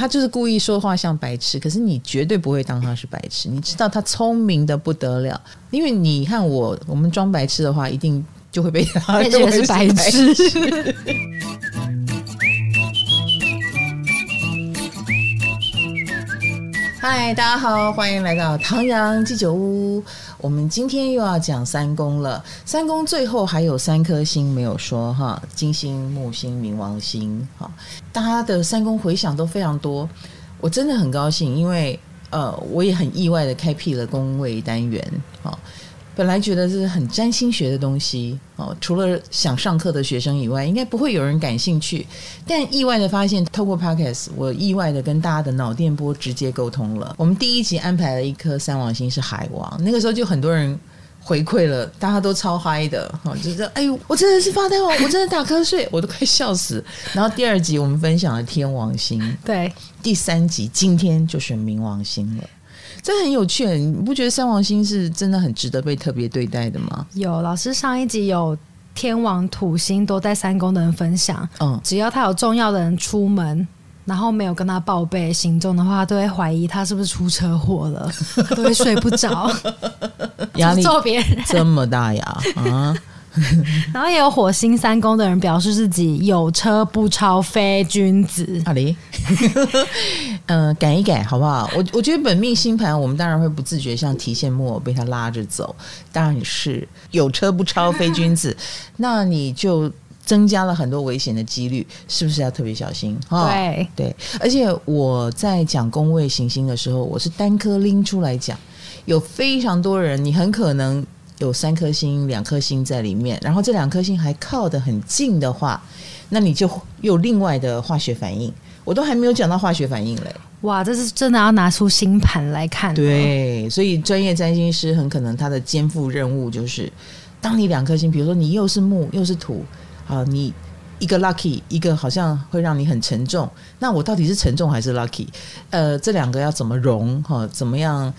他就是故意說話像白痴，可是你絕對不會當他是白痴，你知道他聰明得不得了，因為你看我，我們裝白痴的話，一定就會被他，他覺得是白痴。嗨， 大家好，歡迎來到唐陽雞酒屋。我們今天又要講三宮了，三宮最後還有三顆星沒有說哈，金星、木星、冥王星，哈，大家的三宮回響都非常多，我真的很高興，因為呃，我也很意外地開闢了宮位單元，哈。本來覺得這是很占星學的東西哦，除了想上課的學生以外，應該不會有人感興趣。但意外的發現，透過 Podcast，我意外的跟大家的腦電波直接溝通了。我們第一集安排了一顆三王星是海王，那個時候就很多人回饋了，大家都超嗨的。哈、哦，就是哎呦，我真的是發呆王，我真的打瞌睡，我都快笑死。然後第二集我們分享了天王星，對，第三集今天就是冥王星了。這很有趣，你不覺得三王星是真的很值得被特別對待的嗎？有老師上一集有天王土星都在三宮的人分享，嗯，只要他有重要的人出門，然後沒有跟他報備行蹤的話，他都會懷疑他是不是出車禍了， 他都會睡不着，壓 力這麼大呀啊！ 然後也有火星三宮的人表示自己有車不超，非君子。啊 嗯，改一改好不好？我我覺得本命星盤，我們當然會不自覺像提線木偶被他拉着走。當然是有車不超非君子， 那你就增加了很多危險的幾率，是不是要特別小心？ oh, 對對。而且我在講宮位行星的時候，我是單顆拎出來講。有非常多人，你很可能有三顆星、兩顆星在裡面，然後這兩顆星還靠得很近的話，那你就有另外的化學反應。我都還沒有講到化學反應嘞、欸！哇，這是真的要拿出星盤來看、哦。對，所以專業占星師很可能他的肩負任務就是，當你兩顆星，比如說你又是木又是土，啊，你一個 lucky，一個好像會讓你很沉重，那我到底是沉重還是 lucky？呃，這兩個要怎麼融？哈、啊，怎麼樣？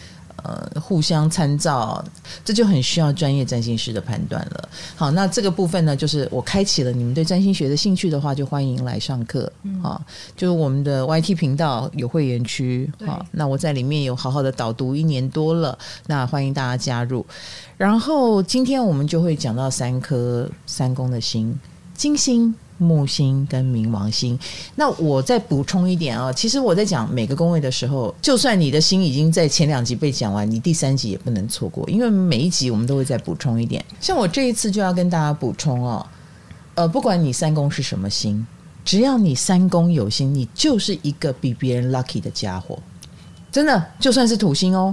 呃，互相參照，這就很需要專業占星師的判斷了。好，那這個部分呢，就是我開啟了你們對占星學的興趣的話，就歡迎來上課。好、嗯，就是我們的 YT 頻道有會員區。好，那我在裡面有好好的導讀一年多了，那歡迎大家加入。然後今天我們就會講到三顆三宮的星，金星。木星跟冥王星，那我再補充一點啊、哦。其實我在講每個宮位的時候，就算你的星已經在前兩集被講完，你第三集也不能錯過，因為每一集我們都會再補充一點。像我這一次就要跟大家補充哦，呃，不管你三宮是什麼星，只要你三宮有星，你就是一個比別人 lucky 的家伙，真的，就算是土星哦，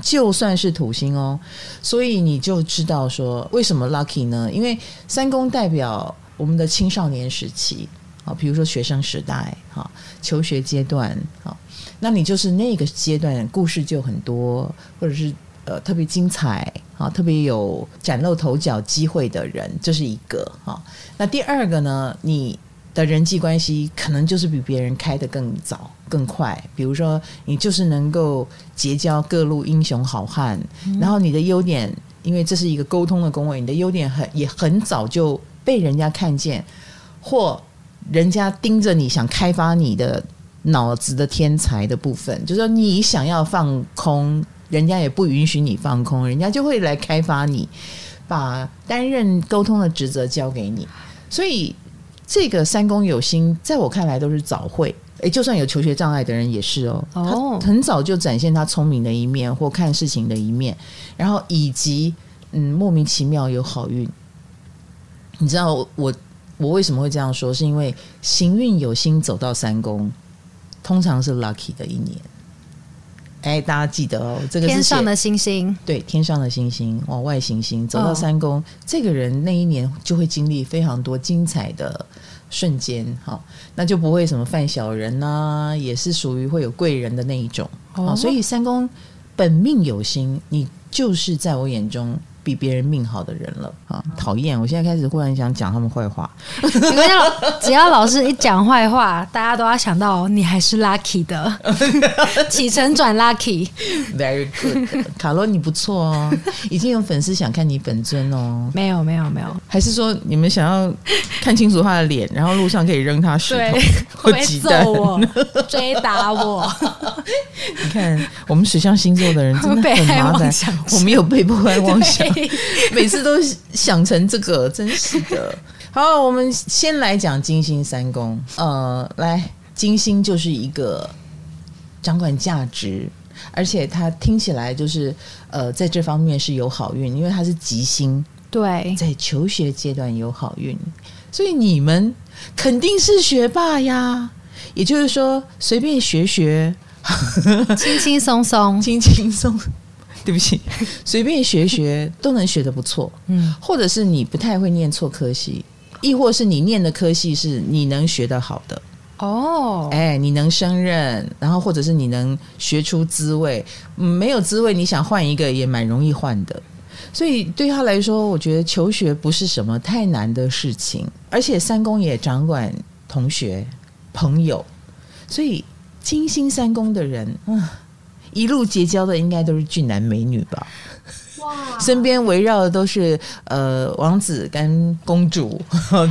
就算是土星哦，所以你就知道說為什麼 lucky 呢？因為三宮代表。我們的青少年時期好，比如說學生時代哈，求學階段啊，那你就是那個階段故事就很多，或者是呃特別精彩啊，特別有嶄露頭角機會的人，這，就是一個哈。那第二個呢，你的人際關係可能就是比別人開得更早更快，比如說你就是能夠結交各路英雄好漢、嗯，然後你的優點，因為這是一個溝通的宮位，你的優點很也很早就被人家看見，或人家盯着你想開發你的腦子的天才的部分，就是說你想要放空，人家也不允許你放空，人家就會來開發你，把擔任溝通的職責交給你。所以這個三宮有星，在我看來都是早慧誒。就算有求學障礙的人也是哦，他很早就展現他聰明的一面或看事情的一面，然後以及嗯莫名其妙有好運。你知道我我為什麼會這樣說？是因為行運有星走到三宮。通常是 lucky 的一年。哎、欸，大家記得哦，這個是天上的星星，對，天上的星星往外行星走到三宮，哦，這個人那一年就會經歷非常多精彩的瞬間，好，那就不會什麼犯小人吶、啊，也是屬於會有貴人的那一種。哦，所以三宮本命有星，你就是在我眼中。比別人命好的人了啊！討厭，我現在開始忽然想講他們壞話。只要只要老師一講壞話，大家都要想到你還是 lucky 的，起承轉 lucky。Very good，卡洛你不錯哦。已經有粉絲想看你本尊哦。 沒有沒有沒有。還是說你們想要看清楚他的臉，然後路上可以扔他石頭對或雞蛋會揍我追打我？ 你看我們水象星座的人真的很麻煩，我們,被我們有被迫害妄想。 每次都想成這個，真是的。好，我們先來講金星三宮。呃，來，金星就是一個掌管價值，而且它聽起來就是呃，在這方面是有好運，因為它是吉星。對，在求學階段有好運，所以你們肯定是學霸呀。也就是說，隨便學學，輕輕鬆鬆，輕輕鬆。對不起，隨便學學都能學得不錯，嗯 或者是你不太會念錯科系，亦或是你念的科系是你能學得好的哦，oh. 哎，你能勝任，然後或者是你能學出滋味，沒有滋味，你想換一個也蠻容易換的，所以對他來說，我覺得求學不是什麼太難的事情，而且三宮也掌管同學朋友，所以金星三宮的人一路結交的應該都是俊男美女吧？哇！身邊圍繞的都是呃王子跟公主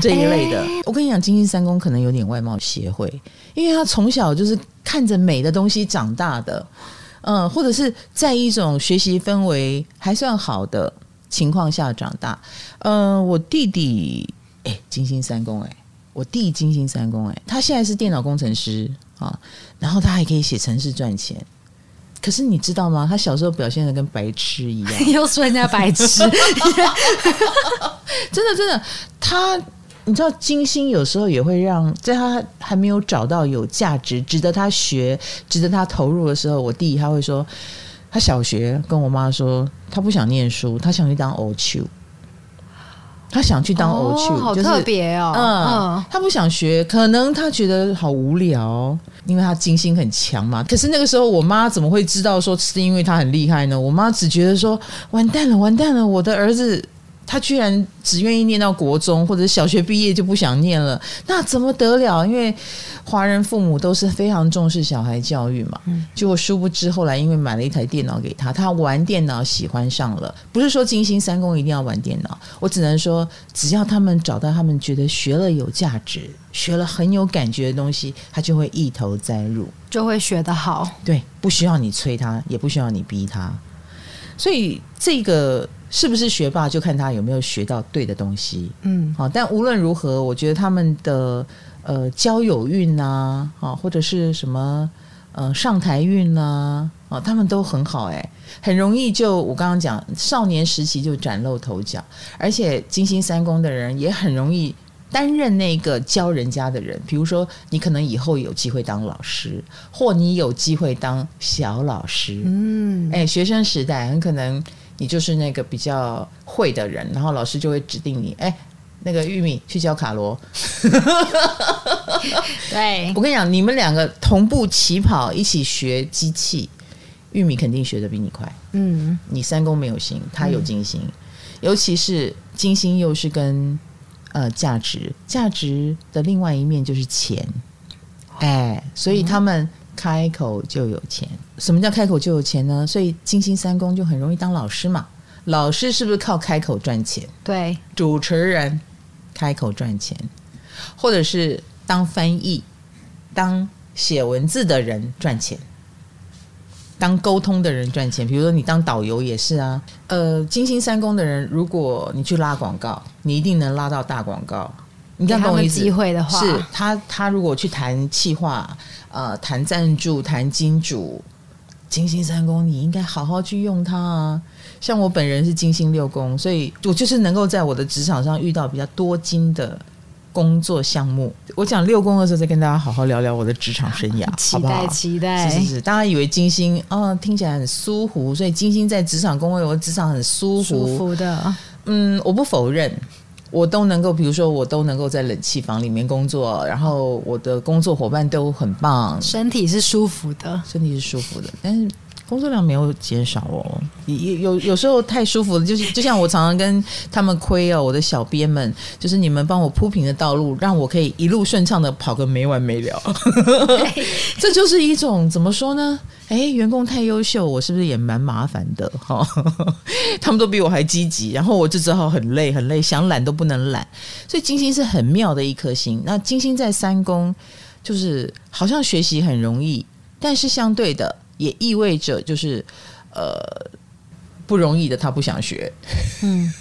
這一類的。欸、我跟你講，金星三宮可能有點外貌協會，因為他從小就是看着美的東西長大的。嗯、呃，或者是在一種學習氛圍還算好的情況下長大。嗯、呃，我弟弟誒、欸，金星三宮誒、欸，我弟金星三宮誒、欸，他現在是電腦工程師啊，然後他還可以寫程式賺錢。可是你知道嗎？他小時候表現得跟白痴一樣，你又說人家白痴， 真的真的。他你知道，金星有時候也會讓，在他還沒有找到有價值、值得他學、值得他投入的時候，我弟他會說，他小學跟我媽說，他不想念書，他想去當偶像。他想去當偶像，oh, 就是，好特別哦嗯！嗯，他不想學，可能他覺得好無聊，因為他金星很強嘛。可是那個時候，我媽怎麼會知道說是因為他很厲害呢？我媽只覺得說，完蛋了，完蛋了，我的兒子。他居然只願意念到國中或者小學畢業就不想念了，那怎麼得了？因為華人父母都是非常重視小孩教育嘛。就我殊不知後來因為買了一台電腦給他，他玩電腦喜歡上了。不是說金星三宮一定要玩電腦，我只能說只要他們找到他們覺得學了有價值、學了很有感覺的東西，他就會一頭栽入，就會學得好。對，不需要你催他，也不需要你逼他。所以這個。是不是學霸就看他有沒有學到對的東西？嗯，好，但無論如何，我覺得他們的呃交友運啊，啊或者是什麼呃上台運啊，啊他們都很好、欸，哎，很容易，就我剛剛講少年時期就嶄露頭角，而且金星三宮的人也很容易擔任那個教人家的人，比如說你可能以後有機會當老師，或你有機會當小老師，嗯，哎、欸，學生時代很可能，你就是那個比較會的人，然後老師就會指定你，哎、欸，那個玉米去教卡羅。 對，我跟你講，你們兩個同步起跑，一起學機器，玉米肯定學得比你快。嗯，你三宮沒有星，他有金星、嗯，尤其是金星又是跟呃價值，價值的另外一面就是錢，哎、欸，所以他們開口就有錢。什麼叫開口就有錢呢？所以金星三宮就很容易當老師嘛。老師是不是靠開口賺錢？對，主持人開口賺錢，或者是當翻譯、當寫文字的人賺錢，當溝通的人賺錢。比如說你當導遊也是啊。呃，金星三宮的人，如果你去拉廣告，你一定能拉到大廣告。你看，給我一次機會的話，是他他如果去談企劃、呃，談贊助、談金主。金星三宮，你應該好好去用它啊！像我本人是金星六宮，所以我就是能夠在我的職場上遇到比較多金的工作項目。我講六宮的時候，再跟大家好好聊聊我的職場生涯，啊，好不好？期待，期待，是是是。大家以為金星啊，聽起來很舒服，所以金星在職場工位，我職場很舒服，舒服的。嗯，我不否認。我都能夠，比如說，我都能夠在冷氣房裡面工作，然後我的工作夥伴都很棒，身體是舒服的，身體是舒服的，但是。工作量沒有減少哦，有有有時候太舒服了，就是就像我常常跟他們虧哦，我的小編們，就是你們幫我鋪平的道路，讓我可以一路順暢的跑個沒完沒了。 這就是一種怎麼說呢？哎、欸，員工太優秀，我是不是也蠻麻煩的？哈、哦， 他們都比我還積極，然後我就只好很累很累，想懶都不能懶。所以金星是很妙的一顆星，那金星在三宮，就是好像學習很容易，但是相對的。也意味着就是，呃，不容易的他不想學，嗯，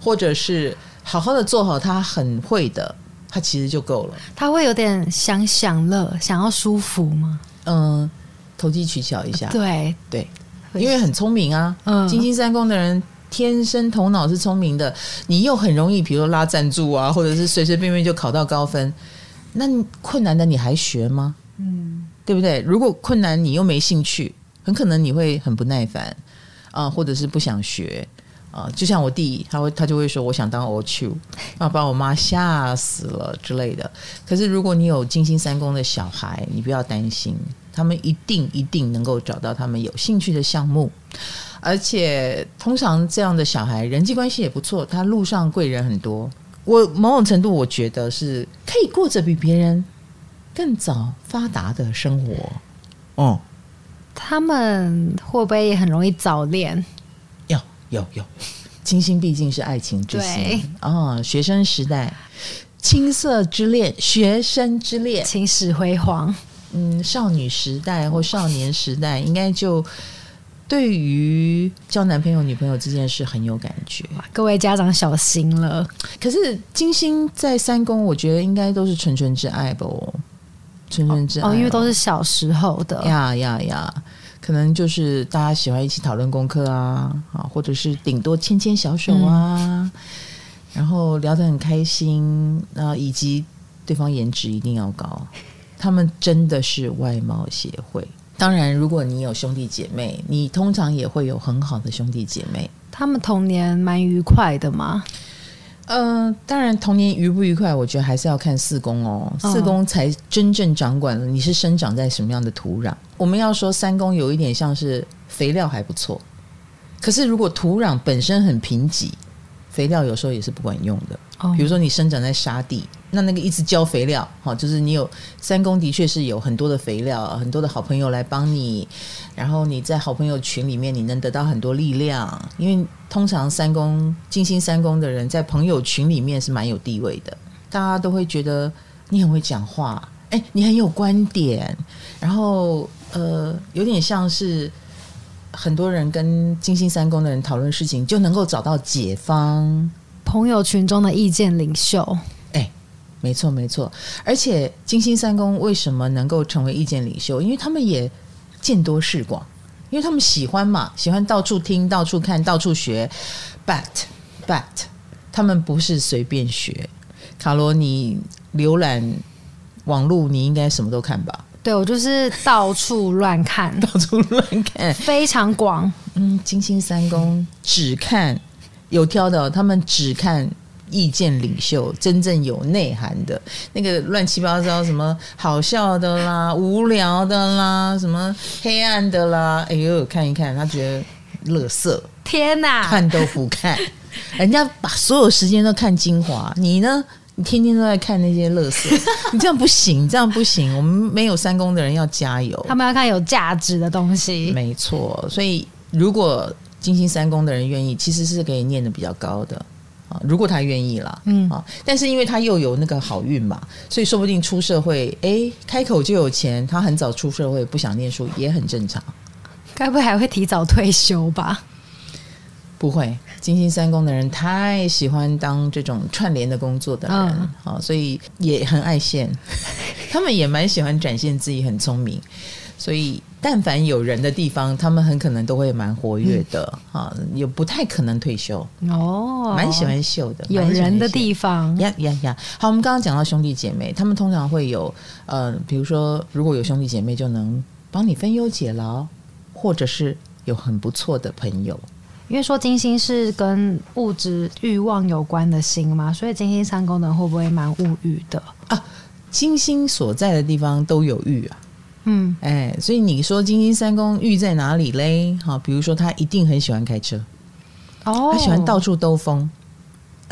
或者是好好的做好他很會的，他其實就夠了。他會有點想享樂，想要舒服嗎？嗯，投機取巧一下，呃，對對，對，因為很聰明啊，嗯，金星三宮的人天生頭腦是聰明的，你又很容易，比如說拉贊助啊，或者是隨隨便便就考到高分，那困難的你還學嗎？嗯。對不對？如果困難你又沒興趣，很可能你會很不耐煩啊，呃，或者是不想學啊，呃。就像我弟，他會他就會說：“我想當我去”，要把我媽嚇死了之類的。可是如果你有金星三宮的小孩，你不要擔心，他們一定一定能夠找到他們有興趣的項目，而且通常這樣的小孩人際關係也不錯，他路上貴人很多。我某種程度我覺得是可以過着比別人更早發達的生活，哦、嗯，他們會不會也很容易早戀？有有有，金星畢竟是愛情之星啊、哦，學生時代青澀之戀，學生之戀，青史輝煌。嗯，少女時代或少年時代，應該就對於交男朋友、女朋友這件事很有感覺哇。各位家長小心了。可是金星在三宮，我覺得應該都是純純之愛吧。純純之愛哦,哦，因為都是小時候的呀呀呀，yeah, yeah, yeah. 可能就是大家喜歡一起討論功課啊，啊，或者是頂多牽牽小手啊、嗯，然後聊得很開心那、呃、以及對方顏值一定要高，他們真的是外貌協會。當然，如果你有兄弟姐妹，你通常也會有很好的兄弟姐妹，他們童年蠻愉快的嘛。嗯、呃，當然，童年愉不愉快，我覺得還是要看四宮哦，哦，四宮才真正掌管了你是生長在什麼樣的土壤。我們要說三宮有一點像是肥料還不錯，可是如果土壤本身很貧瘠，肥料有時候也是不管用的。比如說，你生長在沙地，那那個一直澆肥料，好，就是你有三宮，的確是有很多的肥料，很多的好朋友來幫你。然後你在好朋友群裡面，你能得到很多力量，因為通常三宮、金星三宮的人在朋友群裡面是蠻有地位的，大家都會覺得你很會講話，誒、欸，你很有觀點，然後呃，有點像是很多人跟金星三宮的人討論事情，就能夠找到解方。朋友群中的意見領袖，哎、欸，沒錯沒錯。而且金星三宮為什麼能夠成為意見領袖？因為他們也見多識廣，因為他們喜歡嘛，喜歡到處聽、到處看、到處學。But but，他們不是隨便學。卡羅，你瀏覽網絡，你應該什麼都看吧？對，我就是到處亂看， 到處亂看，非常廣。嗯，金星三宮只看。有挑的，他們只看意見領袖真正有內涵的那個亂七八糟什麼好笑的啦、無聊的啦、什麼黑暗的啦。哎呦，看一看，他覺得樂色，天哪，看都不看。 人家把所有時間都看精華，你呢？你天天都在看那些樂色， 你這樣不行，這樣不行。我們沒有三宮的人要加油，他們要看有價值的東西，沒錯。所以如果。金星三宮的人願意，其實是可以念得比較高的啊。如果他願意啦，嗯啊，但是因為他又有那個好運嘛，所以說不定出社會，哎、欸，開口就有錢。他很早出社會，不想念書也很正常。該不會還會提早退休吧？不會，金星三宮的人太喜歡當這種串聯的工作的人，啊、嗯，所以也很愛現。他們也蠻喜歡展現自己很聰明，所以。但凡有人的地方，他們很可能都會蠻活躍的，嗯、哈，也不太可能退休哦，蠻喜歡秀的。有人的地方，呀呀呀！好，我們剛剛講到兄弟姐妹，他們通常會有呃，比如說如果有兄弟姐妹，就能幫你分憂解勞，或者是有很不錯的朋友。因為說金星是跟物質慾望有關的星嘛，所以金星三宮能會不會蠻物慾的？金星、啊、所在的地方都有慾啊。嗯，哎、欸，所以你說金星三宮遇在哪裡嘞？哈，比如說他一定很喜歡開車，哦，他喜歡到處兜風，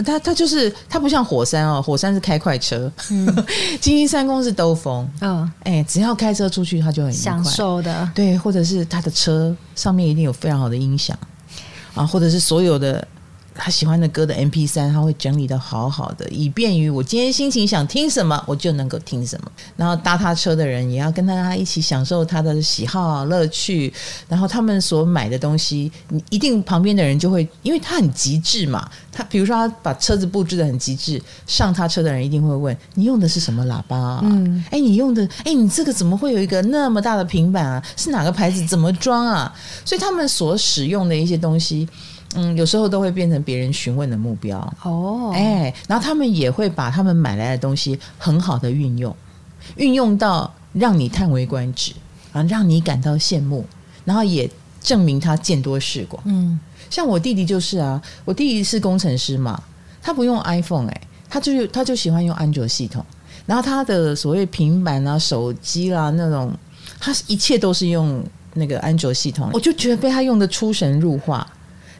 他他就是他不像火山哦，火山是開快車，嗯、金星三宮是兜風，嗯，哎、欸，只要開車出去他就很享受的，對，或者是他的車上面一定有非常好的音響啊，或者是所有的。他喜歡的歌的 MP3，他會整理得好好的，以便於我今天心情想聽什麼，我就能夠聽什麼。然後搭他車的人也要跟他一起享受他的喜好樂趣。然後他們所買的東西，你一定旁邊的人就會，因為他很極致嘛。他比如說他把車子布置得很極致，上他車的人一定會問你用的是什麼喇叭啊？嗯，哎，你用的，哎，你這個怎麼會有一個那麼大的平板啊？是哪個牌子？怎麼裝啊？所以他們所使用的一些東西。嗯，有時候都會變成別人詢問的目標哦，哎、oh. 欸，然後他們也會把他們買來的東西很好的運用，運用到讓你嘆為觀止啊，讓你感到羨慕，然後也證明他見多識廣。嗯，像我弟弟就是啊，我弟弟是工程師嘛，他不用 iPhone，誒、欸、他就他就喜歡用安卓系統，然後他的所謂平板啊、手機啦、啊、那種，他一切都是用那個安卓系統，我就覺得被他用的出神入化。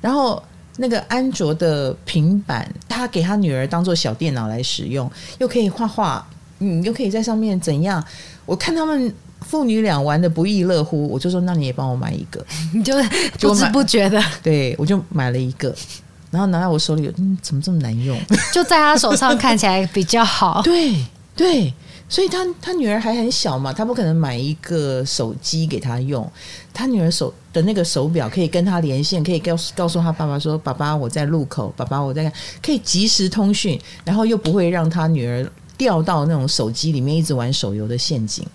然後那個安卓的平板，他給他女兒當做小電腦來使用，又可以畫畫，嗯，又可以在上面怎樣？我看他們父女倆玩得不亦樂乎，我就說，那你也幫我買一個，你就不知不覺的，我對我就買了一個，然後拿到我手裡，嗯，怎麼這麼難用？就在他手上看起來比較好，對 對。對所以他他女兒還很小嘛，他不可能買一個手機給她用。他女兒手的那個手表可以跟他連線，可以告訴告訴他爸爸說：“爸爸，我在路口。”爸爸，我在看。可以及時通訊，然後又不會讓他女兒掉到那種手機裡面一直玩手遊的陷阱。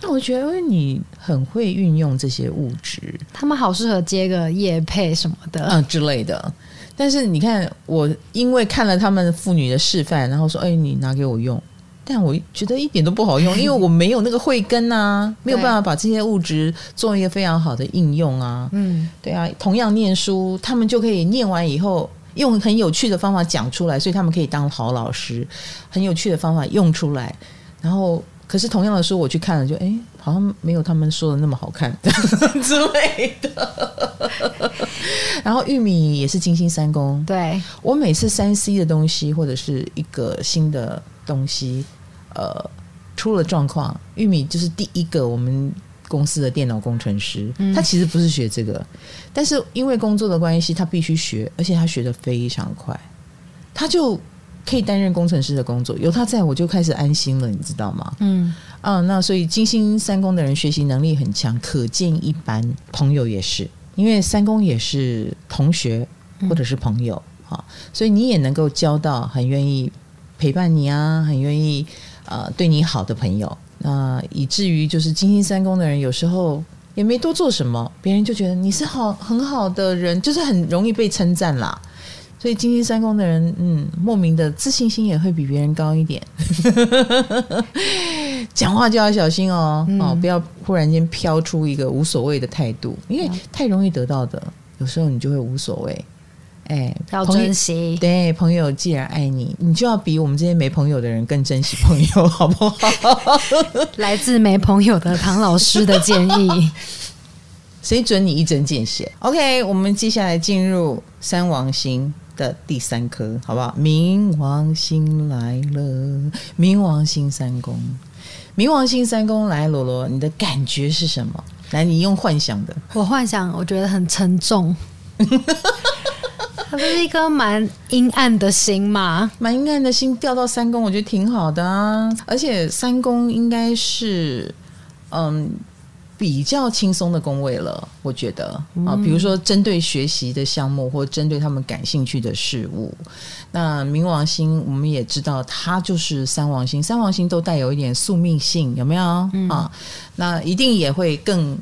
那我覺得你很會運用這些物質，他們好適合接個業配什麼的，嗯之類的。但是你看，我因為看了他們父女的示範，然後說：“哎、欸，你拿給我用。”但我覺得一點都不好用，因為我沒有那個慧根吶、啊，沒有辦法把這些物質做一個非常好的應用啊。嗯，對啊，同樣念書，他們就可以念完以後用很有趣的方法講出來，所以他們可以當好老師，很有趣的方法用出來。然後，可是同樣的書我去看了就，就、欸、哎，好像沒有他們說的那麼好看 之類的。然後玉米也是金星三宮，對，我每次三 C 的東西或者是一個新的。東西，呃，出了狀況，玉米就是第一個我們公司的電腦工程師、嗯，他其實不是學這個，但是因為工作的關係，他必須學，而且他學得非常快，他就可以擔任工程師的工作。有他在，我就開始安心了，你知道嗎？嗯，啊、呃，那所以金星三宮的人學習能力很強，可見一斑。朋友也是，因為三宮也是同學或者是朋友啊、嗯哦，所以你也能夠交到很願意。陪伴你啊，很願意啊、呃、對你好的朋友那、呃、以至於就是金星三宮的人，有時候也沒多做什麼，別人就覺得你是好很好的人，就是很容易被稱讚啦。所以金星三宮的人，嗯，莫名的自信心也會比別人高一點。 講話就要小心哦、嗯，哦，不要忽然間飄出一個無所謂的態度，因為太容易得到的，有時候你就會無所謂。哎、欸，要珍惜。對，朋友既然愛你，你就要比我們這些沒朋友的人更珍惜朋友，好不好？來自沒朋友的唐老師的建議， 誰准你一針見血？OK，我們接下來進入三王星的第三顆，好不好？冥王星來了，冥王星三宮，冥王星三宮來，羅羅，你的感覺是什麼？來，你用幻想的。我幻想，我覺得很沉重。 這是一顆蠻陰暗的星嘛，蠻陰暗的星掉到三宮，我覺得挺好的啊。而且三宮應該是嗯比較輕鬆的宮位了，我覺得啊，比如說針對學習的項目或針對他們感興趣的事物。那冥王星，我們也知道，它就是三王星，三王星都帶有一點宿命性，有沒有啊？那一定也會更。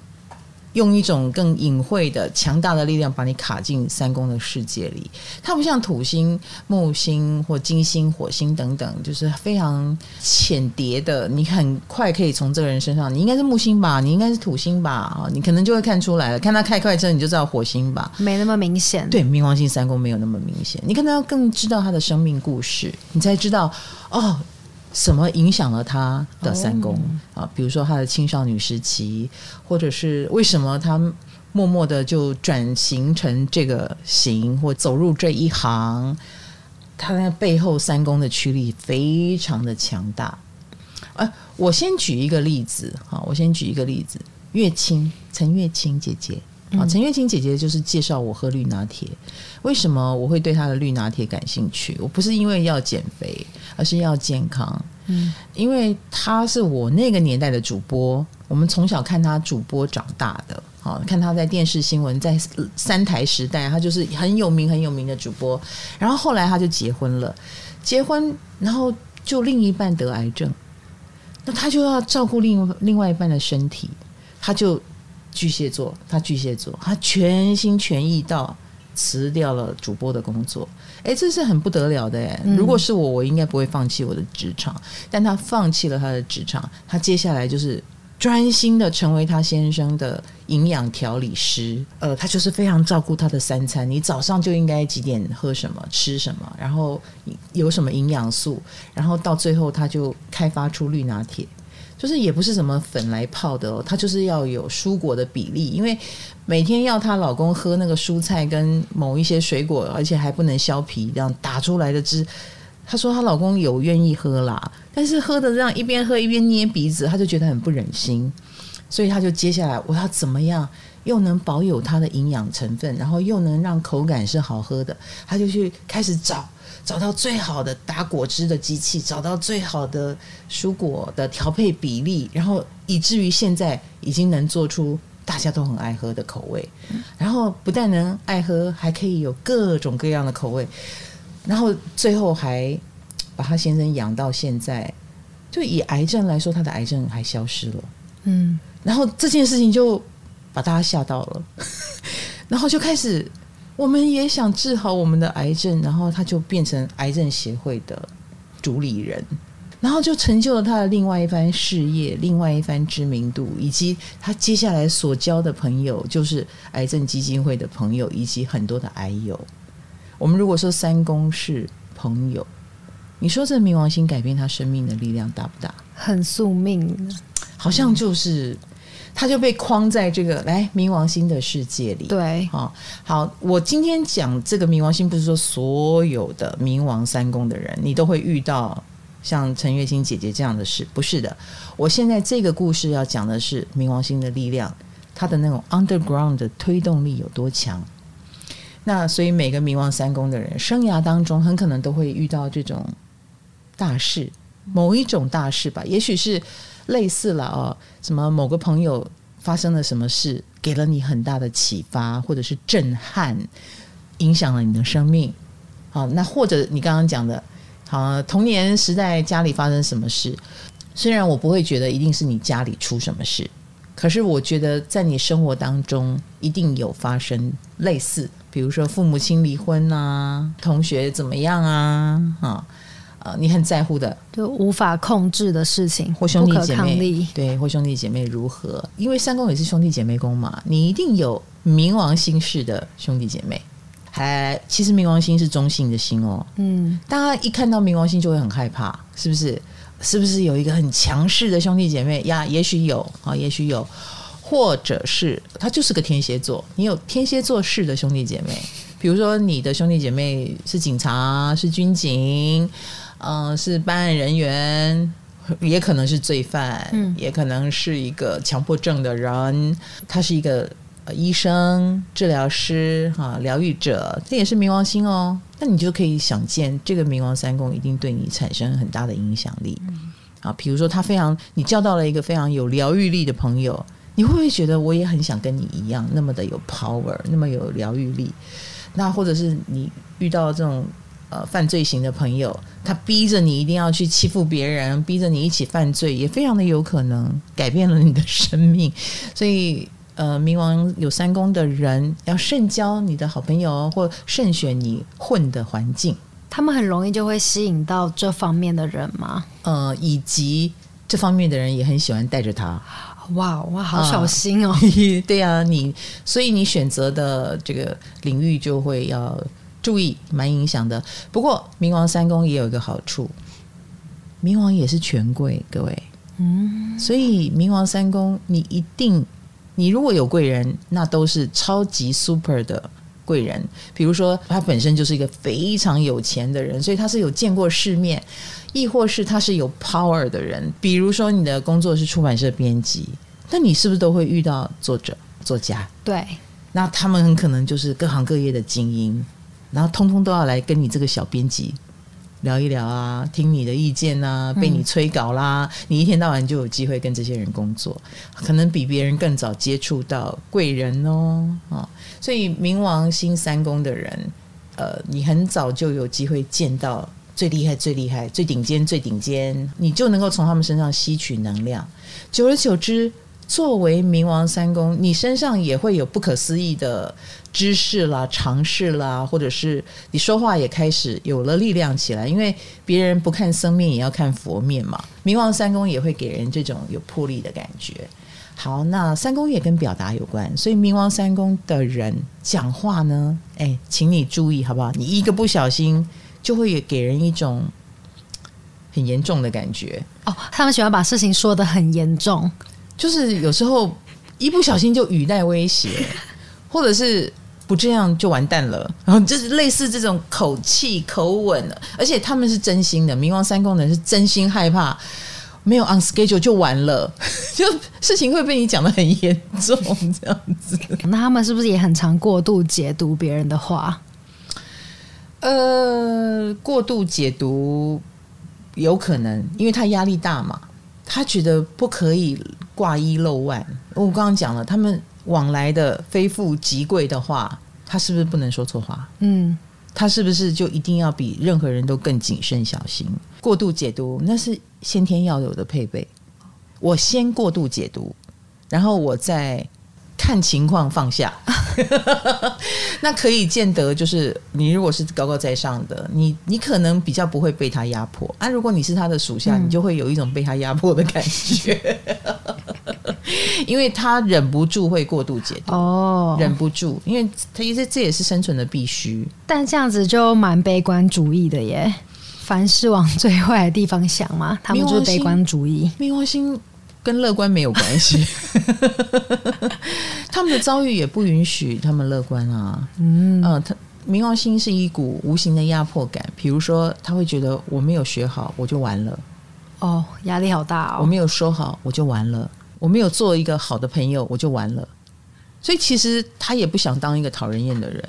用一種更隱晦的、強大的力量把你卡進三宮的世界裡。它不像土星、木星或金星、火星等等，就是非常淺碟的。你很快可以從這個人身上，你應該是木星吧？你應該是土星吧？你可能就會看出來了。看他開快車，你就知道火星吧？沒那麼明顯。對，冥王星三宮沒有那麼明顯。你可能要更知道他的生命故事，你才知道哦。什麼影響了他的三宮、oh, um. 啊？比如說他的青少女時期，或者是為什麼他默默的就轉型成這個行或走入這一行？他那背後三宮的驅力非常的強大。哎、啊，我先舉一個例子，好，我先舉一個例子，月清陳月清姐姐。啊、嗯，陳月琴姐姐就是介紹我喝綠拿鐵。為什麼我會對她的綠拿鐵感興趣？我不是因為要減肥，而是要健康。嗯，因為她是我那個年代的主播，我們從小看她主播長大的。好，看她在電視新聞，在三台時代，她就是很有名很有名的主播。然後後來她就結婚了，結婚，然後就另一半得癌症，那她就要照顧另另外一半的身體，她就。巨蟹座，他巨蟹座，他全心全意到辭掉了主播的工作，哎，這是很不得了的誒、嗯，如果是我，我應該不會放棄我的職場，但他放棄了他的職場，他接下來就是專心的成為他先生的營養調理師。呃，他就是非常照顧他的三餐，你早上就應該幾點喝什麼、吃什麼，然後有什麼營養素，然後到最後他就開發出綠拿鐵。就是也不是什麼粉來泡的哦，她就是要有蔬果的比例，因為每天要她老公喝那個蔬菜跟某一些水果，而且還不能削皮，這樣打出來的汁，她說她老公有願意喝啦，但是喝的這樣一邊喝一邊捏鼻子，她就覺得很不忍心，所以她就接下來我要怎麼樣？又能保有它的營養成分，然後又能讓口感是好喝的，他就去開始找，找到最好的打果汁的機器，找到最好的蔬果的調配比例，然後以至於現在已經能做出大家都很愛喝的口味，然後不但能愛喝，還可以有各種各樣的口味，然後最後還把他先生養到現在，就以癌症來說，他的癌症還消失了，嗯，然後這件事情就。把大家嚇到了，然後就開始，我們也想治好我們的癌症，然後他就變成癌症協會的主理人，然後就成就了他的另外一番事業，另外一番知名度，以及他接下來所交的朋友，就是癌症基金會的朋友，以及很多的癌友。我們如果說三公是朋友，你說這冥王星改變他生命的力量大不大？很宿命，好像就是。他就被框在這個來冥王星的世界裡。對，啊、哦，好，我今天講這個冥王星，不是說所有的冥王三宮的人，你都會遇到像陳月清姐姐這樣的事，不是的。我現在這個故事要講的是冥王星的力量，它的那種 underground 的推動力有多強。那所以每個冥王三宮的人生涯當中，很可能都會遇到這種大事，某一種大事吧，也許是。類似了啊，什麼某個朋友發生了什麼事，給了你很大的啟發，或者是震撼，影響了你的生命。好，那或者你剛剛講的，好，童年時代家裡發生什麼事，雖然我不會覺得一定是你家裡出什麼事，可是我覺得在你生活當中一定有發生類似，比如說父母親離婚啊，同學怎麼樣啊，哈。你很在乎的，就無法控制的事情，或兄弟姐妹，不可抗力，對，或兄弟姐妹如何？因為三宮也是兄弟姐妹宮嘛，你一定有冥王星式的兄弟姐妹。還其實冥王星是中性的星哦、喔，嗯，大家一看到冥王星就會很害怕，是不是？是不是有一個很強勢的兄弟姐妹呀？也許有啊，也許有，或者是他就是個天蠍座，你有天蠍座式的兄弟姐妹，比如說你的兄弟姐妹是警察，是軍警。嗯、呃，是辦案人員，也可能是罪犯，嗯、也可能是一個強迫症的人。他是一個、呃、醫生、治療師、哈療愈者，這也是冥王星哦。那你就可以想見，這個冥王三宮一定對你產生很大的影響力。嗯，啊，比如說他非常，你交到了一個非常有療愈力的朋友，你會不會覺得我也很想跟你一樣，那麼的有 power，那麼有療愈力？那或者是你遇到這種。呃，犯罪型的朋友，他逼着你一定要去欺負別人，逼着你一起犯罪，也非常的有可能改變了你的生命。所以，呃，冥王有三宮的人要慎交你的好朋友，或慎選你混的環境。他們很容易就會吸引到這方面的人嗎？呃，以及這方面的人也很喜歡帶着他。哇哇，好小心哦！呃、 對啊，你所以你選擇的這個領域就會要。注意，蠻影響的。不過，冥王三宮也有一個好處，冥王也是權貴。各位，嗯，所以冥王三宮，你一定，你如果有貴人，那都是超級 super 的貴人。比如說，他本身就是一個非常有錢的人，所以他是有見過世面，亦或是他是有 power 的人。比如說，你的工作是出版社編輯，那你是不是都會遇到作者、作家？對，那他們很可能就是各行各業的精英。然後通通都要來跟你這個小編輯聊一聊啊，聽你的意見啊，被你催稿啦。嗯、你一天到晚就有機會跟這些人工作，可能比別人更早接觸到貴人哦啊。所以冥王星三宮的人，呃，你很早就有機會見到最厲害、最厲害、最頂尖、最頂尖，你就能夠從他們身上吸取能量，久而久之。作為冥王三宮，你身上也會有不可思議的知識啦、嘗試啦，或者是你說話也開始有了力量起來。因為別人不看僧面也要看佛面嘛，冥王三宮也會給人這種有魄力的感覺。好，那三宮也跟表達有關，所以冥王三宮的人講話呢，哎、欸，請你注意好不好？你一個不小心就會給人一種很嚴重的感覺哦。他們喜歡把事情說得很嚴重。就是有時候一不小心就語帶威脅，或者是不這樣就完蛋了，然後就是類似這種口氣口吻，而且他們是真心的，冥王三宮的人是真心害怕，沒有 on schedule 就完了，就事情會被你講的很嚴重這樣子。那他們是不是也很常過度解讀別人的話？呃，過度解讀有可能，因為他壓力大嘛。他覺得不可以掛一漏萬。我剛剛講了，他們往來的非富即貴的話，他是不是不能說錯話？嗯，他是不是就一定要比任何人都更謹慎小心？過度解讀那是先天要有的、的配備，我先過度解讀，然後我再。看情況放下， 那可以見得，就是你如果是高高在上的，你你可能比較不會被他壓迫；啊，如果你是他的屬下、嗯，你就會有一種被他壓迫的感覺， 因為他忍不住會過度解讀哦，忍不住，因為他一直這也是生存的必須。但這樣子就蠻悲觀主義的耶，凡事往最壞的地方想嘛，他們就是悲觀主義。冥王星。跟樂觀沒有關係 他們的遭遇也不允許他們樂觀啊嗯、呃。嗯他冥王星是一股無形的壓迫感，比如說他會覺得我沒有學好我就完了，哦，壓力好大哦。我沒有說好我就完了，我沒有做一個好的朋友我就完了，所以其實他也不想當一個討人厭的人。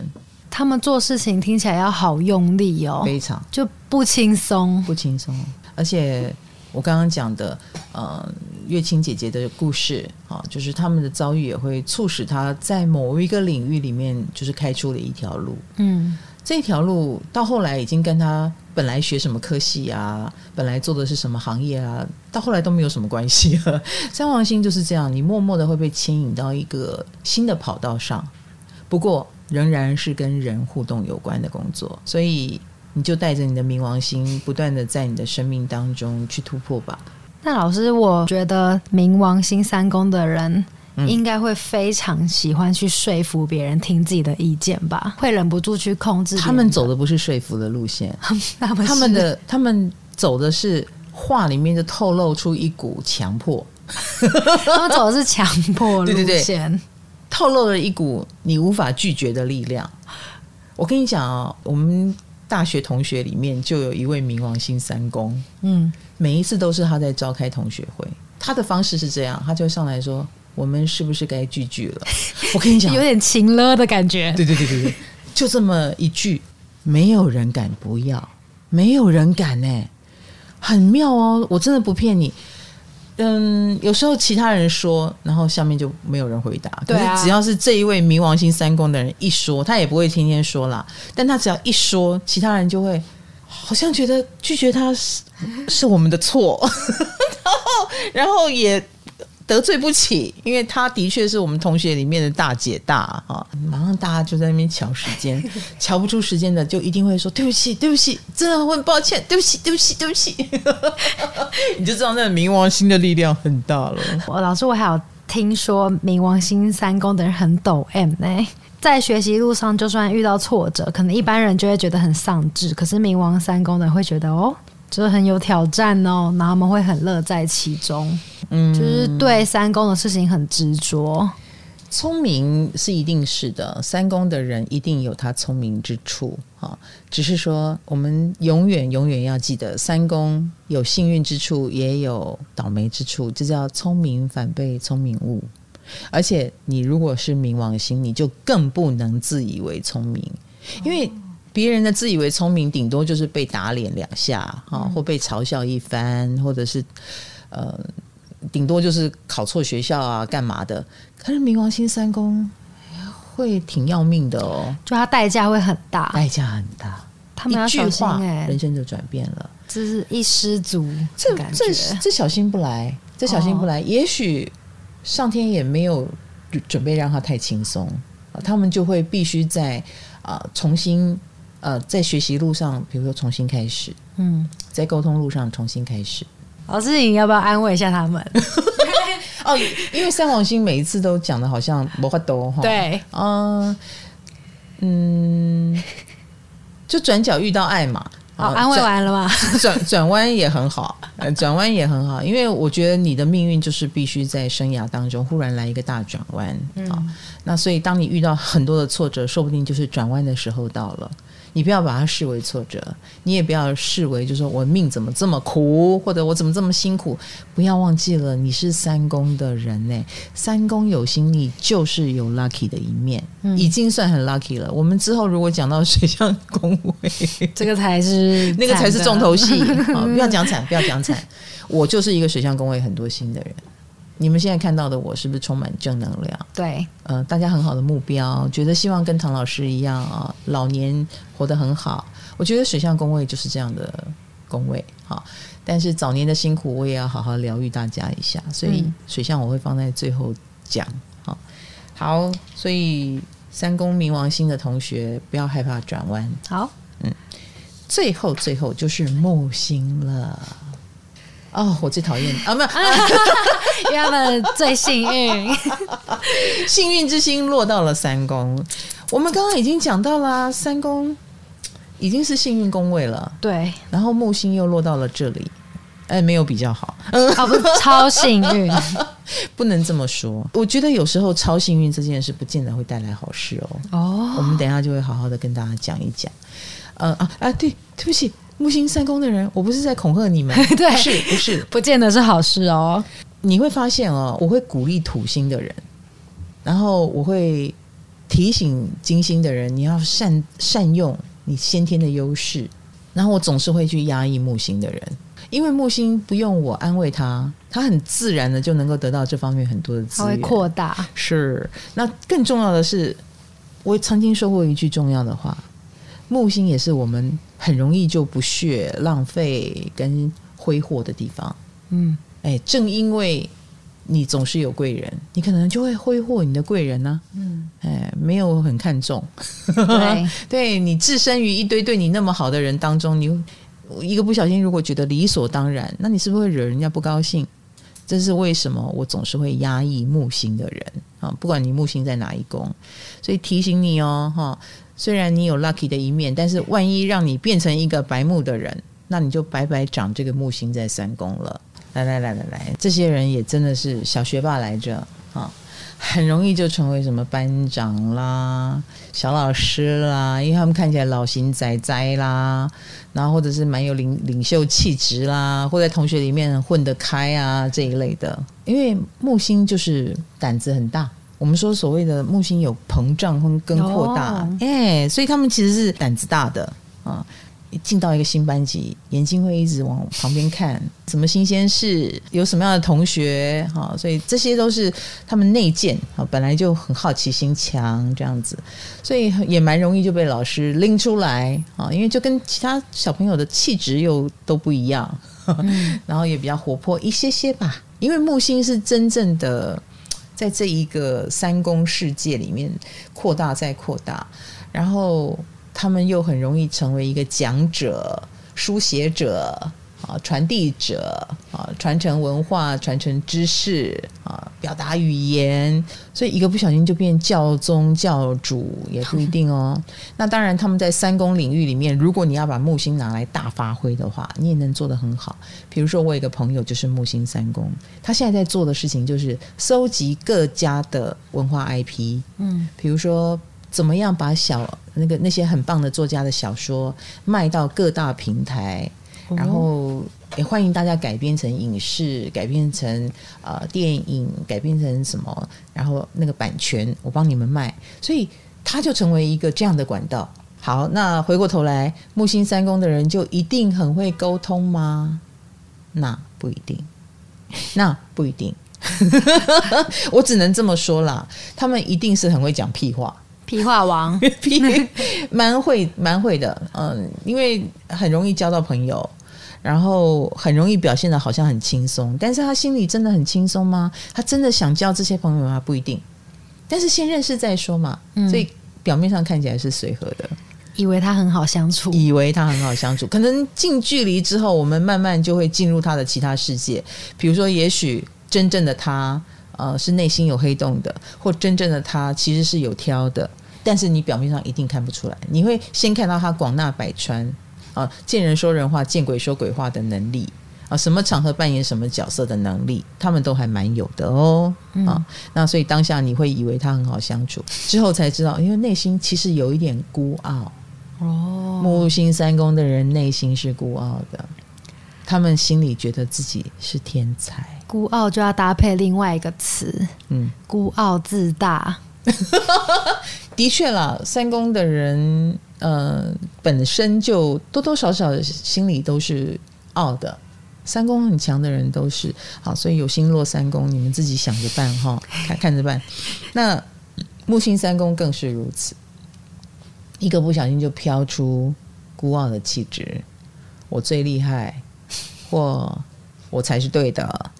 他們做事情聽起來要好用力哦，非常就不輕鬆，不輕鬆，而且。我剛剛講的，嗯、呃，月清姐姐的故事啊，就是他們的遭遇也會促使他在某一個領域裡面，就是開出了一條路。嗯，這條路到後來已經跟他本來學什麼科系啊，本來做的是什麼行業啊，到後來都沒有什麼關係了、啊。三王星就是這樣，你默默的會被牽引到一個新的跑道上，不過仍然是跟人互動有關的工作，所以。你就帶着你的冥王星，不斷的在你的生命當中去突破吧。那老師，我覺得冥王星三宮的人應該會非常喜歡去說服別人聽自己的意見吧，嗯、會忍不住去控制他們走的不是說服的路線， 他們的他們走的是話裡面就透露出一股強迫， 他們走的是強迫路線，對對對，透露了一股你無法拒絕的力量。我跟你講啊、哦，我們。大學同學裡面就有一位冥王星三宮，嗯，每一次都是他在召開同學會，他的方式是這樣，他就上來說：“我們是不是該聚聚了？”我跟你講， 有點情勒的感覺。對對對對，對就這麼一句，沒有人敢不要，沒有人敢呢、欸，很妙哦！我真的不騙你。嗯，有時候其他人說，然後下面就沒有人回答。對啊，可是只要是這一位冥王星三宮的人一說，他也不會天天說啦。但他只要一說，其他人就會好像覺得拒絕他是是我們的錯， 然後然後也。得罪不起，因為他的確是我們同學裡面的大姐大啊！馬上大家就在那邊喬時間， 喬不出時間的就一定會說對不起，對不起，真的我很抱歉，對不起，對不起，對不起。 你就知道那冥王星的力量很大了。我老師，我還有聽說冥王星三宮的人很抖 M，欸，在學習路上就算遇到挫折，可能一般人就會覺得很喪志，可是冥王三宮的人會覺得哦。就很有挑戰哦，那他們會很樂在其中，嗯，就是對三宮的事情很執着。聰明是一定是的，三宮的人一定有他聰明之處啊。只是說，我們永遠永遠要記得，三宮有幸運之處，也有倒霉之處，這叫聰明反被聰明誤。而且，你如果是冥王星，你就更不能自以為聰明，因為。別人的自以為聰明，頂多就是被打臉兩下，哈、啊，或被嘲笑一番，或者是，呃，頂多就是考錯學校啊，幹嘛的？可是冥王星三宮會挺要命的哦，就它代價會很大，代價很大。他們要、欸、一句話，人生就轉變了，這是一失足感覺。這這這小心不來，這小心不來，哦、也許上天也沒有準備讓他太輕鬆，他們就會必須再啊重新。呃，在學習路上，比如說重新開始；嗯，在溝通路上重新開始。老師，你要不要安慰一下他們？ 哦，因為三王星每一次都講的好像魔幻多。對，嗯、哦、嗯，就轉角遇到愛嘛。好、哦哦，安慰完了嗎？轉轉彎也很好，轉 彎也很好，因為我覺得你的命運就是必須在生涯當中忽然來一個大轉彎、嗯哦。那所以當你遇到很多的挫折，說不定就是轉彎的時候到了。你不要把它視為挫折，你也不要視為就是說我命怎麼這麼苦，或者我怎麼這麼辛苦。不要忘記了，你是三宮的人呢、欸，三宮有心你就是有 lucky 的一面、嗯，已經算很 lucky 了。我們之後如果講到水象宮位，嗯、 這個才是那個才是重頭戲，不要講慘，不要講慘，我就是一個水象宮位很多心的人。你們現在看到的我是不是充滿正能量？對，嗯、呃，大家很好的目標，覺得希望跟唐老師一樣，老年活得很好。我覺得水象宮位就是這樣的宮位，好。但是早年的辛苦，我也要好好療癒大家一下。所以水象我會放在最後講。好、嗯，好，所以三宮冥王星的同學不要害怕轉彎。好，嗯，最後最後就是木星了。哦，我最討厭啊！沒有，啊、 因為他們最幸運，幸運之星落到了三宮。我們剛剛已經講到啦、啊，三宮已經是幸運宮位了。對，然後木星又落到了這裡，哎、欸，沒有比較好，啊、哦、不，超幸運，不能這麼說。我覺得有時候超幸運這件事，不見得會帶來好事哦。哦，我們等一下就會好好的跟大家講一講。嗯，啊啊，對，對不起。木星三宮的人，我不是在恐嚇你們， 對，是不是？不見得是好事哦。你會發現哦，我會鼓勵土星的人，然後我會提醒金星的人，你要善善用你先天的優勢。然後我總是會去壓抑木星的人，因為木星不用我安慰他，他很自然的就能夠得到這方面很多的資源會擴大。是，那更重要的是，我曾經說過一句重要的話。木星也是我們很容易就不屑、浪費跟揮霍的地方。嗯，誒，正因為你總是有貴人，你可能就會揮霍你的貴人呢、啊。嗯，誒，沒有很看重， 對，對，你置身於一堆對你那麼好的人當中，你一個不小心，如果覺得理所當然，那你是不是會惹人家不高興？這是為什麼我總是會壓抑木星的人啊？不管你木星在哪一宮，所以提醒你哦，哈。雖然你有 lucky 的一面，但是萬一讓你變成一個白目的人，那你就白白長這個木星在三宮了。來來來來來，這些人也真的是小學霸來着啊，很容易就成為什麼班長啦、小老師啦，因為他們看起來老型仔仔啦，然後或者是蠻有領領袖氣質啦，或在同學裡面混得開啊這一類的，因為木星就是膽子很大。我們說所謂的木星有膨脹跟更擴大、oh. 欸，所以他們其實是膽子大的啊，一進到一個新班級，眼睛會一直往旁邊看， 什麼新鮮事，有什麼樣的同學，哈、啊，所以這些都是他們內建啊，本來就很好奇心強這樣子，所以也蠻容易就被老師拎出來啊，因為就跟其他小朋友的氣質又都不一樣，啊、 然後也比較活潑一些些吧，因為木星是真正的。在這一個三宮世界裡面，擴大再擴大，然後他們又很容易成為一個講者、書寫者。啊，傳遞者啊，傳承文化，傳承知識啊，表達語言，所以一個不小心就變教宗教主也不一定哦。嗯、那當然，他們在三宮領域裡面，如果你要把木星拿來大發揮的話，你也能做得很好。比如說，我有一個朋友就是木星三宮，他現在在做的事情就是蒐集各家的文化 IP，嗯，比如說怎麼樣把小那個那些很棒的作家的小說賣到各大平台。然後也、欸、歡迎大家改編成影視，改編成呃電影，改編成什麼？然後那個版權我幫你們賣，所以它就成為一個這樣的管道。好，那回過頭來，木星三宮的人就一定很會溝通嗎？那不一定，那不一定， 我只能這麼說啦。他們一定是很會講屁話。屁話王，蠻 會蠻會的，嗯，因為很容易交到朋友，然後很容易表現得好像很輕鬆，但是他心裡真的很輕鬆嗎？他真的想交這些朋友嗎？不一定，但是先認識再說嘛，嗯，所以表面上看起來是隨和的，以為他很好相處，以為他很好相處，可能近距離之後，我們慢慢就會進入他的其他世界，比如說，也許真正的他。呃，是內心有黑洞的，或真正的他其實是有挑的，但是你表面上一定看不出來。你會先看到他廣納百川、啊、呃，見人說人話，見鬼說鬼話的能力，啊、呃，什麼場合扮演什麼角色的能力，他們都還蠻有的哦、嗯。啊，那所以當下你會以為他很好相處，之後才知道，因為內心其實有一點孤傲哦。木星三宮的人內心是孤傲的，他們心裡覺得自己是天才。孤傲就要搭配另外一個詞，嗯，孤傲自大。 的確啦，三宮的人，呃，本身就多多少少的心裡都是傲的。三宮很強的人都是。好，所以有星落三宮，你們自己想着辦哈， 看看着辦。那木星三宮更是如此，一個不小心就飄出孤傲的氣質。我最厲害，或我才是對的。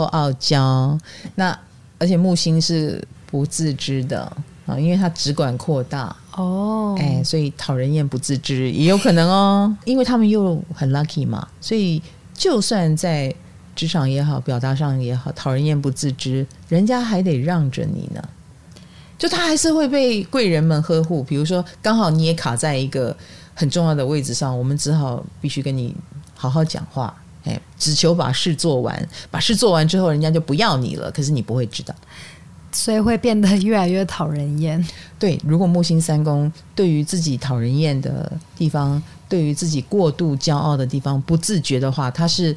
或傲嬌，那而且木星是不自知的啊，因為他只管擴大哦，哎、oh. 欸，所以討人厭不自知也有可能哦，因為他們又很 lucky 嘛，所以就算在職場也好，表達上也好，討人厭不自知，人家還得讓着你呢，就他還是會被貴人們呵護，比如說剛好你也卡在一個很重要的位置上，我們只好必須跟你好好講話。只求把事做完，把事做完之後，人家就不要你了。可是你不會知道，所以會變得越來越討人厭。對，如果木星三宮對於自己討人厭的地方，對於自己過度驕傲的地方不自覺的話，他是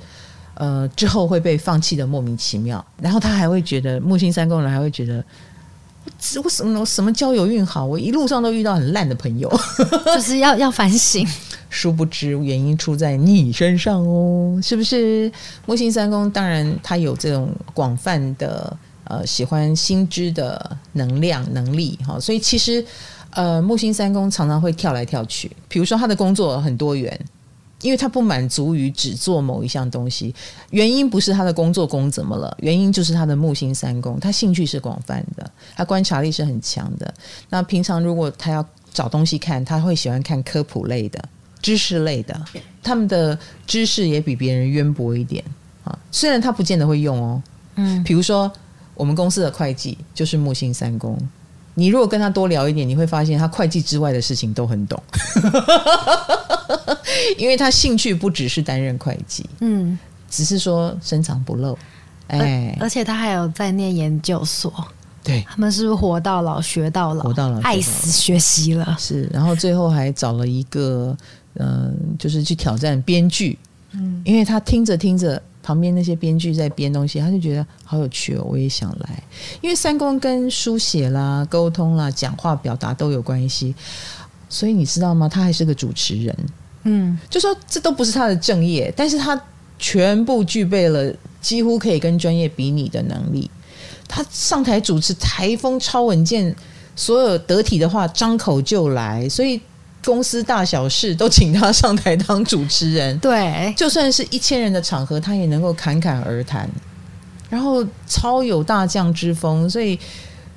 呃之後會被放棄的莫名其妙。然後他還會覺得木星三宮人還會覺得我什麼我什麼交友運好，我一路上都遇到很爛的朋友， 就是要要反省。殊不知，原因出在你身上哦，是不是？木星三宮當然，他有這種廣泛的呃喜歡新知的能量能力哈、哦，所以其實呃木星三宮常常會跳來跳去，比如說他的工作很多元，因為他不滿足於只做某一項東西。原因不是他的工作宮怎麼了，原因就是他的木星三宮，他興趣是廣泛的，他觀察力是很強的。那平常如果他要找東西看，他會喜歡看科普類的。.知識類的，他們的知識也比別人淵博一點啊。雖然他不見得會用哦，嗯，比如說我們公司的會計就是木星三宮。你如果跟他多聊一點，你會發現他會計之外的事情都很懂， 因為他興趣不只是擔任會計，嗯，只是說深藏不露，哎，而且他還有在念研究所，對，他們是不是活到老學到老，活到老，學到老愛死學習了，是，然後最後還找了一個。嗯、呃，就是去挑戰編劇，嗯，因為他聽着聽着，旁邊那些編劇在編東西，他就覺得好有趣哦，我也想來。因為三宮跟書寫啦、溝通啦、講話表達都有關係，所以你知道嗎？他還是個主持人，嗯，就說這都不是他的正業，但是他全部具備了幾乎可以跟專業比擬的能力。他上台主持台風超穩健，所有得體的話張口就來，所以。公司大小事都請他上台當主持人，對，就算是一千人的場合，他也能夠侃侃而談，然後超有大將之風，所以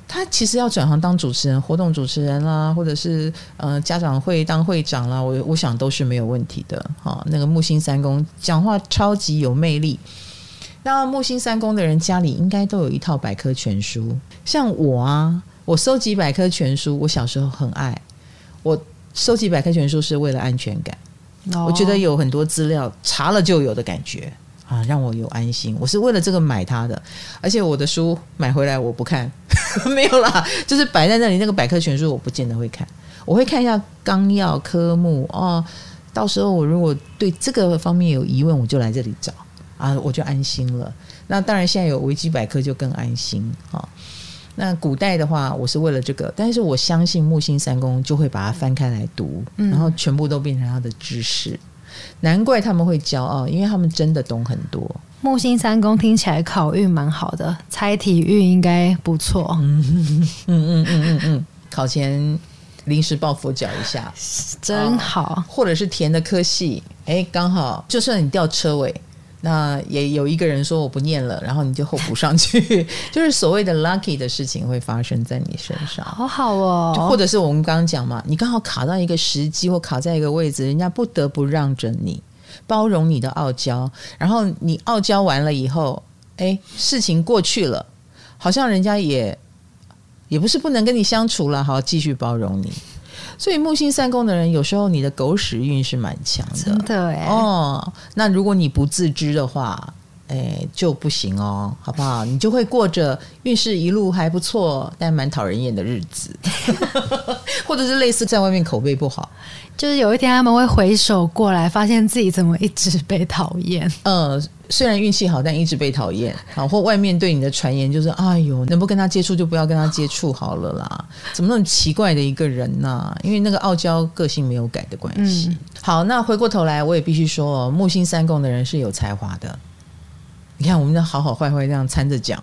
他其實要轉行當主持人、活動主持人啦，或者是呃家長會當會長啦，我我想都是沒有問題的。哈，那個木星三宮講話超級有魅力，那木星三宮的人家裡應該都有一套百科全書，像我啊，我收集百科全書，我小時候很愛我。收集百科全書是為了安全感，oh. 我覺得有很多資料查了就有的感覺啊，讓我有安心。我是為了這個買它的，而且我的書買回來我不看，呵呵沒有啦，就是擺在那裡。那個百科全書我不見得會看，我會看一下綱要科目哦、啊。到時候我如果對這個方面有疑問，我就來這裡找啊，我就安心了。那當然，現在有維基百科就更安心啊。那古代的話，我是為了這個，但是我相信木星三宮就會把它翻開來讀，嗯、然後全部都變成他的知識。難怪他們會驕傲，因為他們真的懂很多。木星三宮聽起來考運蠻好的，猜題運應該不錯。嗯嗯嗯嗯嗯嗯，考前臨時抱佛腳一下，真好。哦、或者是填的科系，哎，剛好，就算你吊車尾。那也有一個人說，我不念了，然後你就候補上去， 就是所謂的 lucky 的事情會發生在你身上，好好哦。或者是我們剛剛講嘛，你剛好卡到一個時機或卡在一個位置，人家不得不讓着你，包容你的傲嬌。然後你傲嬌完了以後，哎、欸，事情過去了，好像人家也也不是不能跟你相處了，好，繼續包容你。所以木星三宮的人，有時候你的狗屎運是蠻強的。對哦、欸，oh, 那如果你不自知的話。哎、欸，就不行哦，好不好？你就會過着運勢一路還不錯，但蠻討人厭的日子， 或者是類似在外面口碑不好，就是有一天他們會回首過來，發現自己怎麼一直被討厭。呃，雖然運氣好，但一直被討厭。好，或外面對你的傳言就是，哎呦，能不跟他接觸就不要跟他接觸好了啦。好。怎麼那麼奇怪的一個人呢、啊？因為那個傲嬌個性沒有改的關係、嗯。好，那回過頭來，我也必須說，木星三宮的人是有才華的。你看，我們要好好壞壞這樣摻着講，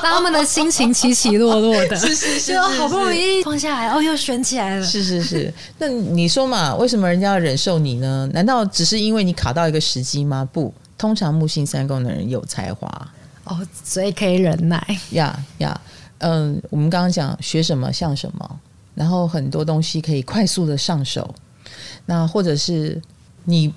他們的心情起起落落的，是是是，是，是，好不容易放下來，哦，又懸起來了，是是是。那你說嘛，為什麼人家要忍受你呢？難道只是因為你卡到一個時機嗎？不，通常木星三宮的人有才華哦，所以可以忍耐。呀呀，嗯，我們剛剛講學什麼像什麼，然後很多東西可以快速的上手，那或者是你。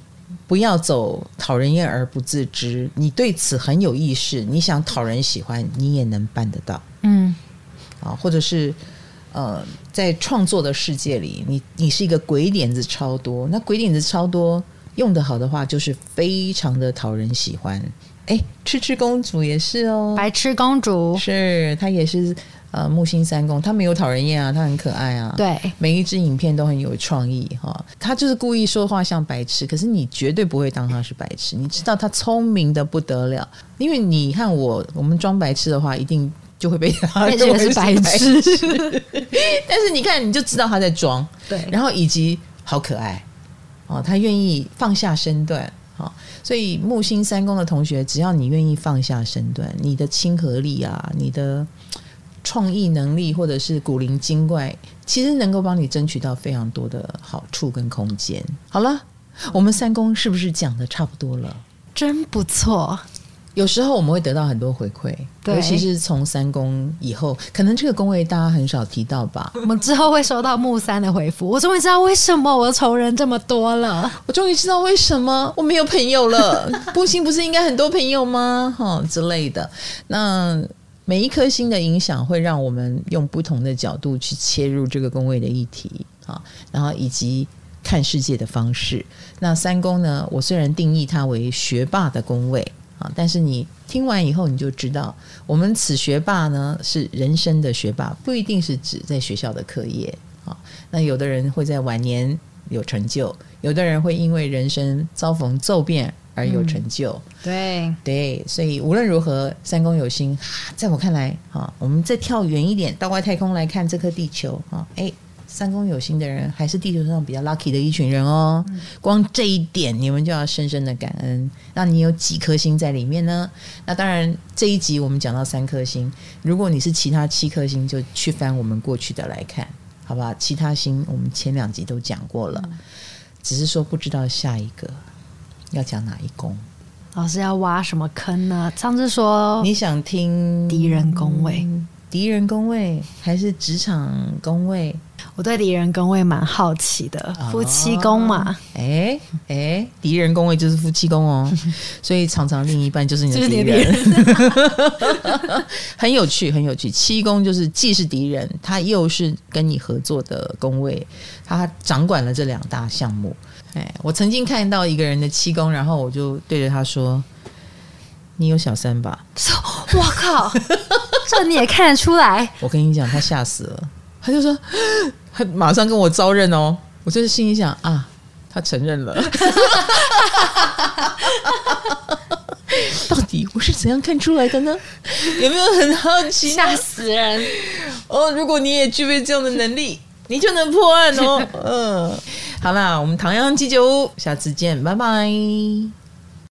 不要走討人厭而不自知，你對此很有意識。你想討人喜歡，你也能辦得到。嗯，啊，或者是呃，在創作的世界裡，你你是一個鬼點子超多。那鬼點子超多，用得好的話，就是非常的討人喜歡。哎、欸，痴痴公主也是哦，白痴公主是她也是。呃，木星三宮，他沒有討人厭啊，他很可愛啊。對，每一支影片都很有創意，哈、哦。他就是故意說話像白痴，可是你絕對不會當他是白痴。你知道他聰明得不得了，因為你看我，我們裝白痴的話，一定就會被他覺得是白痴。 但是你看，你就知道他在裝。對，然後以及好可愛哦，他願意放下身段哦。所以木星三宮的同學，只要你願意放下身段，你的親和力啊，你的。創意能力或者是古靈精怪，其實能夠幫你爭取到非常多的好處跟空間。好了，我們三宮是不是講的差不多了？真不錯。有時候我們會得到很多回饋，對，尤其是從三宮以後，可能這個宮位大家很少提到吧。我們之後會收到木三的回復。我終於知道為什麼我的仇人這麼多了。我終於知道為什麼我沒有朋友了。 不行，不是應該很多朋友嗎？哈、哦、之類的。那。每一顆星的影響會讓我們用不同的角度去切入這個宮位的議題啊，然後以及看世界的方式。那三宮呢？我雖然定義它為學霸的宮位啊，但是你聽完以後你就知道，我們此學霸呢是人生的學霸，不一定是指在學校的課業啊。那有的人會在晚年有成就，有的人會因為人生遭逢驟變。而有成就，嗯、對對，所以無論如何，三宮有星，在我看來，哈，我們再跳遠一點，到外太空來看這顆地球，啊，誒，三宮有星的人，還是地球上比較 lucky 的一群人哦。嗯、光這一點，你們就要深深的感恩。那你有幾顆星在裡面呢？那當然，這一集我們講到三顆星，如果你是其他七顆星，就去翻我們過去的來看，好不好？其他星我們前兩集都講過了，嗯、只是說不知道下一個。要講哪一宮？老師要挖什麼坑呢？上次說你想聽敵人宮位，敵、嗯、人宮位還是職場宮位？我對敵人宮位蠻好奇的，哦、夫妻宮嘛。哎、欸、哎，敵、欸、人宮位就是夫妻宮哦， 所以常常另一半就是你的敵人，是是 很有趣，很有趣。七宮就是既是敵人，他又是跟你合作的宮位，他掌管了這兩大項目。欸、我曾經看到一個人的七宮，然後我就對着他說：“你有小三吧？”說：“我靠，這你也看得出來？” 我跟你講，他嚇死了，他就說他馬上跟我招認哦。我就是心裡想啊，他承認了， 到底我是怎樣看出來的呢？有沒有很好奇？嚇死人！哦，如果你也具備這樣的能力， 你就能破案哦。嗯、呃。好啦，我們唐揚雞酒，下次見，拜拜。